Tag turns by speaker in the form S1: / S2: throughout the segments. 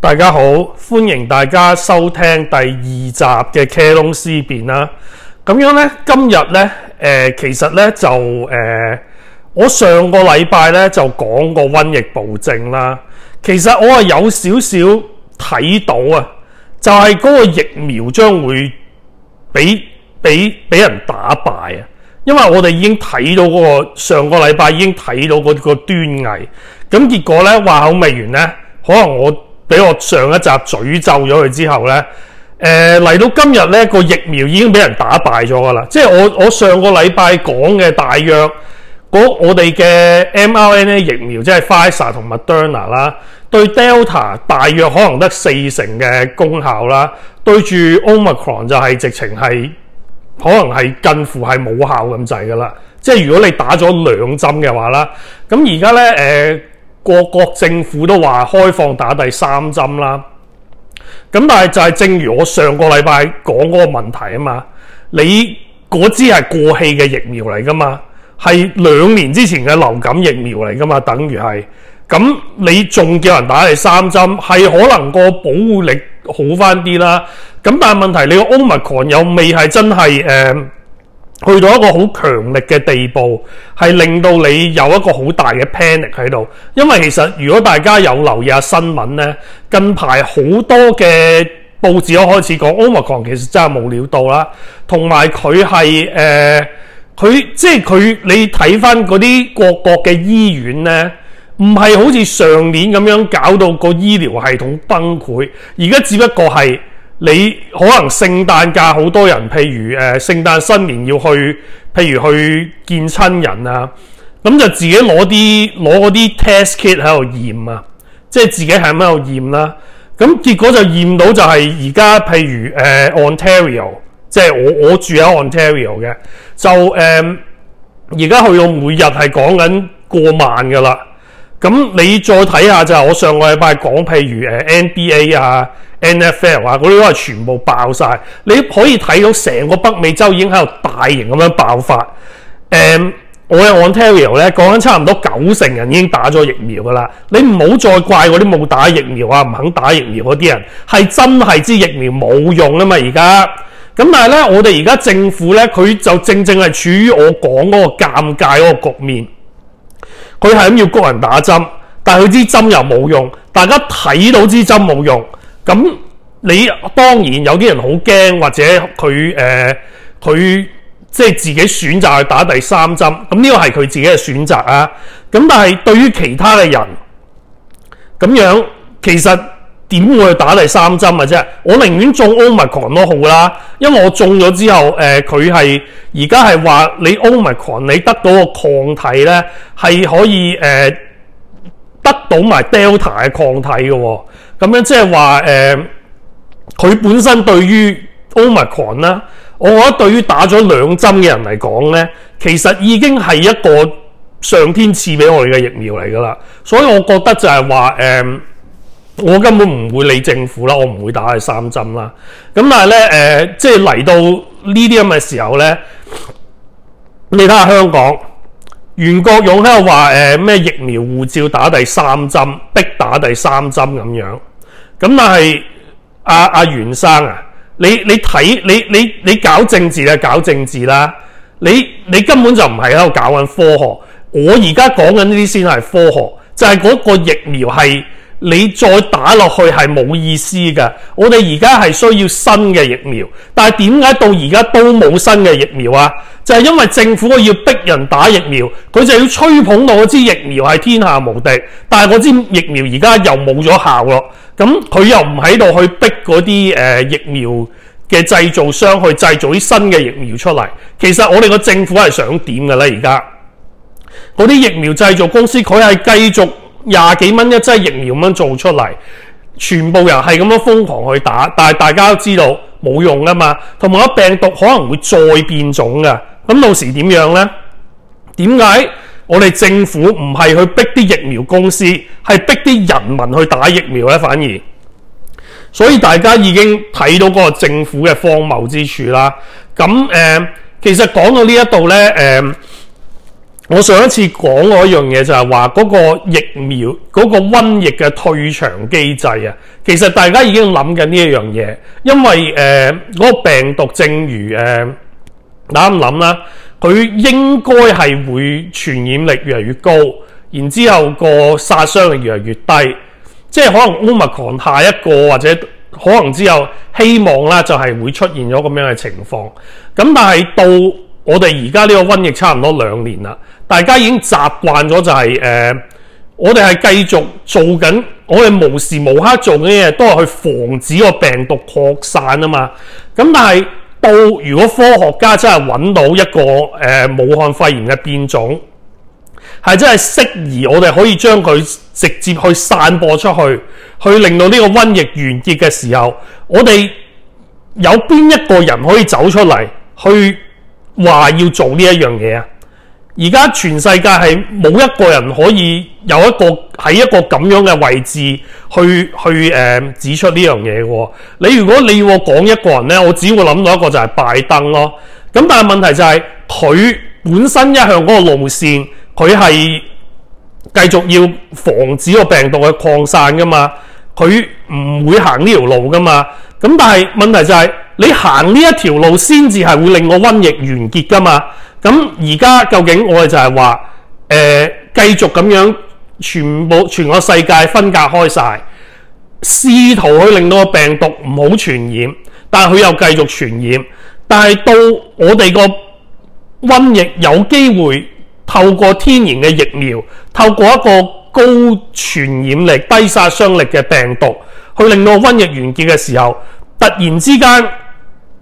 S1: 大家好，歡迎大家收聽第二集嘅《乾隆思辨》啦。咁樣呢，今日呢，誒、呃，其實呢，就誒、呃，我上個禮拜呢，就講過瘟疫暴政啦。其實我係有少少睇到啊，就係、是、嗰個疫苗將會俾俾俾人打敗啊。因為我哋已經睇到嗰個上個禮拜已經睇到嗰個端倪。咁結果呢，話口未完呢，可能我。俾我上一集詛咒咗佢之後呢，誒、呃、嚟到今日呢個疫苗已經俾人打敗咗噶啦，即係我我上個禮拜講嘅大約我哋嘅 mRNA 疫苗，即係 Pfizer 同 Moderna 啦，對 Delta 大約可能得四成嘅功效啦，對住 Omicron 就係直情係可能係近乎係冇效咁滯噶啦，即係如果你打咗兩針嘅話啦，咁而家呢。誒、呃。各國政府都話開放打第三針啦，咁但係就係正如我上個禮拜講嗰個問題啊嘛，你嗰支係過氣嘅疫苗嚟噶嘛，係兩年之前嘅流感疫苗嚟噶嘛，等於係，咁你仲叫人打第三針，係可能個保護力好翻啲啦，咁但係問題你個 Omicron 又未係真係誒。呃去到一個好強力嘅地步，係令到你有一個好大嘅 panic 喺度。因為其實如果大家有留意下新聞咧，近排好多嘅報紙都開始講 Omicron，其實真係冇料到啦。同埋佢係誒，佢、呃、即係佢，你睇翻嗰啲各國嘅醫院呢，唔係好似上年咁樣搞到個醫療系統崩潰，而家只不過係。你可能聖誕假好多人，譬如誒、呃、聖誕新年要去，譬如去見親人啊，咁、嗯、就自己攞啲攞啲 test kit 喺度驗啊，即係自己喺度驗啦、啊。咁、嗯、結果就驗到就係而家譬如誒、呃、Ontario，即係我我住喺 Ontario 嘅，就誒而家去到每日係講緊過萬噶啦。咁、嗯、你再睇下就係我上個禮拜講，譬如誒、呃、NBA 啊。N.F.L 啊，嗰啲都係全部爆晒，你可以睇到成個北美洲已經喺度大型咁樣爆發。誒、嗯，我喺 Ontario 咧，講緊差唔多九成人已經打咗疫苗噶啦。你唔好再怪嗰啲冇打疫苗啊，唔肯打疫苗嗰啲人係真係知疫苗冇用啊嘛。而家咁，但係咧，我哋而家政府咧，佢就正正係處於我講嗰個尷尬嗰個局面。佢係咁要谷人打針，但係佢支針又冇用，大家睇到支針冇用。咁、嗯、你當然有啲人好驚，或者佢誒佢即係自己選擇去打第三針。咁呢個係佢自己嘅選擇啊。咁、嗯、但係對於其他嘅人咁樣，其實點會去打第三針嘅啫？我寧願中 Omicron 都好啦，因為我中咗之後誒，佢係而家係話你 Omicron 你得到個抗體咧，係可以誒、呃、得到埋 Delta 嘅抗體嘅喎、哦。咁樣即係話誒，佢、呃、本身對於 Omicron 啦，我覺得對於打咗兩針嘅人嚟講咧，其實已經係一個上天賜俾我哋嘅疫苗嚟噶啦。所以，我覺得就係話誒，我根本唔會理政府啦，我唔會打第三針啦。咁但係咧誒，即係嚟到呢啲咁嘅時候咧，你睇下香港。袁國勇喺度話誒咩疫苗護照打第三針，逼打第三針咁樣。咁但係阿阿，袁生啊，你你睇你你你搞政治啊，搞政治啦。你你根本就唔係喺度搞緊科學。我而家講緊呢啲先係科學，就係、是、嗰個疫苗係。你再打落去係冇意思嘅，我哋而家係需要新嘅疫苗，但係點解到而家都冇新嘅疫苗啊？就係因為政府要逼人打疫苗，佢就要吹捧到支疫苗係天下無敵，但係嗰支疫苗而家又冇咗效咯。咁佢又唔喺度去逼嗰啲誒疫苗嘅製造商去製造啲新嘅疫苗出嚟。其實我哋個政府係想點嘅咧？而家嗰啲疫苗製造公司佢係繼續。廿幾蚊一劑疫苗咁樣做出嚟，全部人係咁樣瘋狂去打，但係大家都知道冇用啊嘛，同埋個病毒可能會再變種噶，咁到時點樣呢？點解我哋政府唔係去逼啲疫苗公司，係逼啲人民去打疫苗呢？反而，所以大家已經睇到嗰個政府嘅荒謬之處啦。咁誒、呃，其實講到呢一度呢。誒、呃。我上一次講過一樣嘢就係話嗰個疫苗、嗰個瘟疫嘅退場機制啊，其實大家已經諗緊呢一樣嘢，因為誒嗰個病毒正如誒，諗唔諗啦？佢應該係會傳染力越嚟越高，然之後個殺傷力越嚟越低，即係可能奧密克戎下一個或者可能之後希望啦，就係會出現咗咁樣嘅情況。咁但係到我哋而家呢個瘟疫差唔多兩年啦。大家已經習慣咗就係、是、誒、呃，我哋係繼續做緊，我哋無時無刻做緊嘢，都係去防止個病毒擴散啊嘛。咁但係到如果科學家真係揾到一個誒、呃、武漢肺炎嘅變種，係真係適宜我哋可以將佢直接去散播出去，去令到呢個瘟疫完結嘅時候，我哋有邊一個人可以走出嚟去話要做呢一樣嘢啊？而家全世界係冇一個人可以有一個喺一個咁樣嘅位置去去誒、呃、指出呢樣嘢嘅喎。你如果你要我講一個人呢，我只會諗到一個就係拜登咯。咁但係問題就係、是、佢本身一向嗰個路線，佢係繼續要防止個病毒嘅擴散噶嘛，佢唔會行呢條路噶嘛。咁但係問題就係、是、你行呢一條路先至係會令個瘟疫完結噶嘛。咁而家究竟我哋就係話，誒、呃、繼續咁樣全部全個世界分隔開晒，試圖去令到個病毒唔好傳染，但係佢又繼續傳染。但係到我哋個瘟疫有機會透過天然嘅疫苗，透過一個高傳染力、低殺傷力嘅病毒，去令到瘟疫完結嘅時候，突然之間。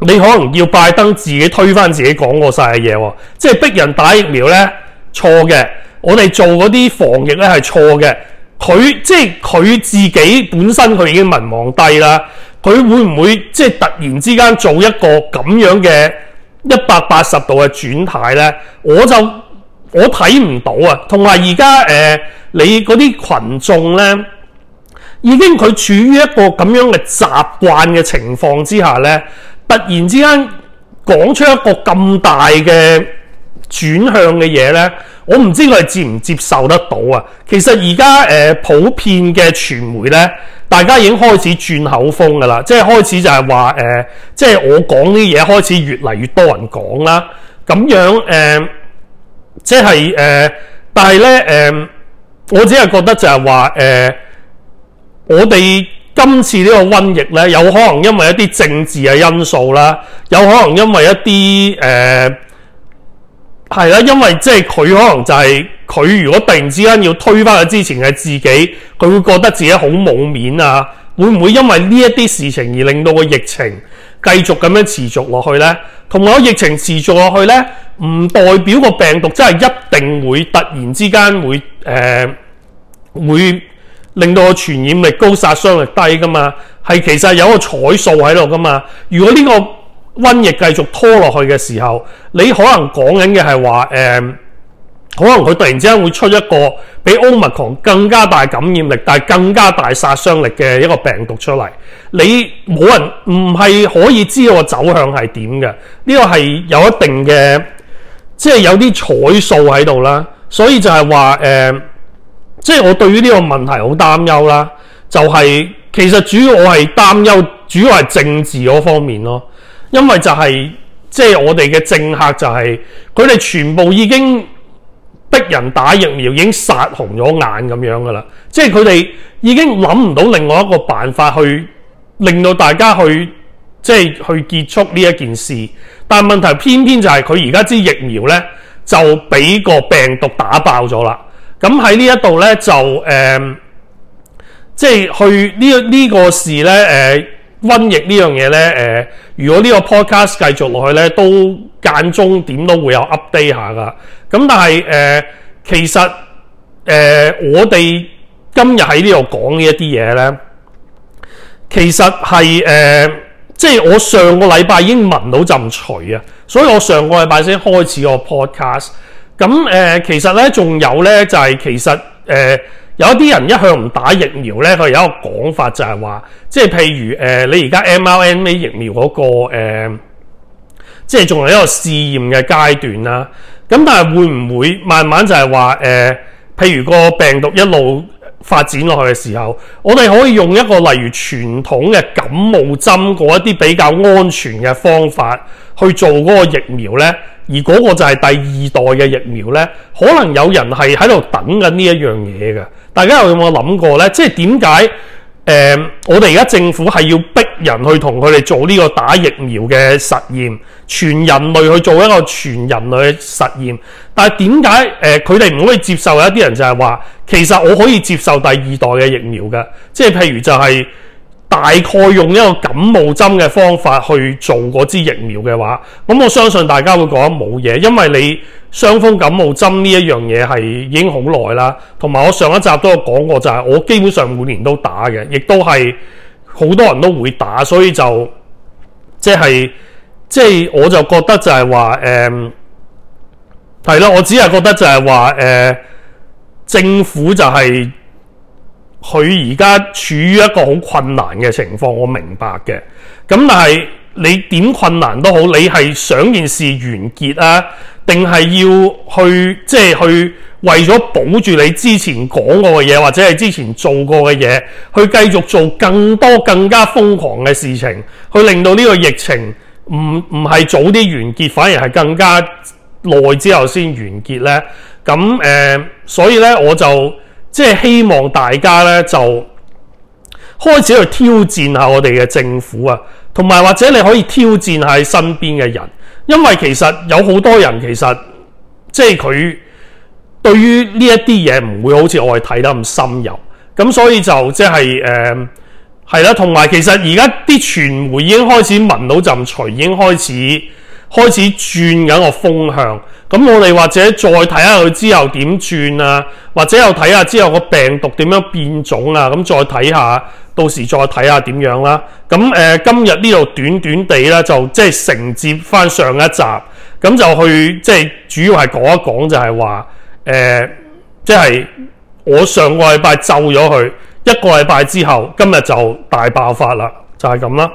S1: 你可能要拜登自己推翻自己講過晒嘅嘢喎，即係逼人打疫苗咧，錯嘅，我哋做嗰啲防疫咧係錯嘅，佢即係佢自己本身佢已經民皇低啦民望低，佢會唔會即係突然之間做一個咁樣嘅一百八十度嘅轉態咧？我就我睇唔到啊，同埋而家誒你嗰啲群眾咧，已經佢處於一個咁樣嘅習慣嘅情況之下呢，突然之間講出一個咁大嘅轉向嘅嘢呢，我唔知佢係接唔接受得到啊。其實而家誒普遍嘅傳媒呢，大家已經開始轉口風噶啦，即係開始就係話誒，即係我講啲嘢開始越嚟越多人講啦，咁樣誒，即係誒，但係呢，誒、呃，我只係覺得就係話誒。呃我哋今次呢個瘟疫呢，有可能因為一啲政治嘅因素啦，有可能因為一啲誒係啦，因為即係佢可能就係佢如果突然之間要推翻佢之前嘅自己，佢會覺得自己好冇面啊！會唔會因為呢一啲事情而令到個疫情繼續咁樣持續落去呢？同埋疫情持續落去呢，唔代表個病毒真係一定會突然之間會誒會。呃會令到個傳染力高、殺傷力低噶嘛，係其實有個彩數喺度噶嘛。如果呢個瘟疫繼續拖落去嘅時候，你可能講緊嘅係話誒，可能佢突然之間會出一個比 Omicron 更加大感染力，但係更加大殺傷力嘅一個病毒出嚟，你冇人唔係可以知道個走向係點嘅。呢個係有一定嘅，即係有啲彩數喺度啦。所以就係話誒。呃即係我對於呢個問題好擔憂啦，就係、是、其實主要我係擔憂主要係政治嗰方面咯，因為就係、是、即係我哋嘅政客就係佢哋全部已經逼人打疫苗，已經殺紅咗眼咁樣噶啦，即係佢哋已經諗唔到另外一個辦法去令到大家去即係去結束呢一件事，但問題偏偏就係佢而家支疫苗呢就俾個病毒打爆咗啦。咁喺呢一度咧，就誒，即、呃、係、就是、去呢呢、這個事咧，誒、呃、瘟疫呢樣嘢咧，誒、呃，如果個呢個 podcast 繼續落去咧，都間中點都會有 update 下噶。咁但係誒、呃，其實誒、呃，我哋今日喺呢度講呢一啲嘢咧，其實係誒，即、呃、係、就是、我上個禮拜已經聞到陣臭啊，所以我上個禮拜先開始個 podcast。咁誒、呃，其實咧仲有咧，就係、是、其實誒、呃，有一啲人一向唔打疫苗咧，佢有一個講法就係話，即係譬如誒、呃，你而家 mRNA 疫苗嗰、那個、呃、即係仲係一個試驗嘅階段啦、啊。咁但係會唔會慢慢就係話誒，譬如個病毒一路發展落去嘅時候，我哋可以用一個例如傳統嘅感冒針嗰一啲比較安全嘅方法去做嗰個疫苗咧？而嗰個就係第二代嘅疫苗呢，可能有人係喺度等緊呢一樣嘢嘅。大家有冇諗過呢？即係點解誒？我哋而家政府係要逼人去同佢哋做呢個打疫苗嘅實驗，全人類去做一個全人類嘅實驗。但係點解誒？佢哋唔可以接受一啲人就係話其實我可以接受第二代嘅疫苗嘅，即係譬如就係。大概用一個感冒針嘅方法去做嗰支疫苗嘅話，咁我相信大家會覺得冇嘢，因為你傷風感冒針呢一樣嘢係已經好耐啦。同埋我上一集都有講過、就係，就係我基本上每年都打嘅，亦都係好多人都會打，所以就即係即係，就係就係、我就覺得就係話誒，係、嗯、啦，我只係覺得就係話誒，政府就係、係。佢而家處於一個好困難嘅情況，我明白嘅。咁但係你點困難都好，你係想件事完結啊，定係要去即係、就是、去為咗保住你之前講過嘅嘢，或者係之前做過嘅嘢，去繼續做更多更加瘋狂嘅事情，去令到呢個疫情唔唔係早啲完結，反而係更加耐之後先完結呢？咁誒、呃，所以呢，我就。即係希望大家咧就開始去挑戰下我哋嘅政府啊，同埋或者你可以挑戰下身邊嘅人，因為其實有好多人其實即係佢對於呢一啲嘢唔會好似我哋睇得咁深入，咁所以就即係誒係啦。同埋其實而家啲傳媒已經開始聞到陣除，已經開始。開始轉緊個風向，咁我哋或者再睇下佢之後點轉啊，或者又睇下之後個病毒點樣變種啊，咁再睇下，到時再睇下點樣啦、啊。咁誒、呃，今日呢度短短地咧，就即係、就是、承接翻上一集，咁就去即係、就是、主要係講一講就、呃，就係話誒，即係我上個禮拜咒咗佢一個禮拜之後，今日就大爆發、就是、啦，就係咁啦。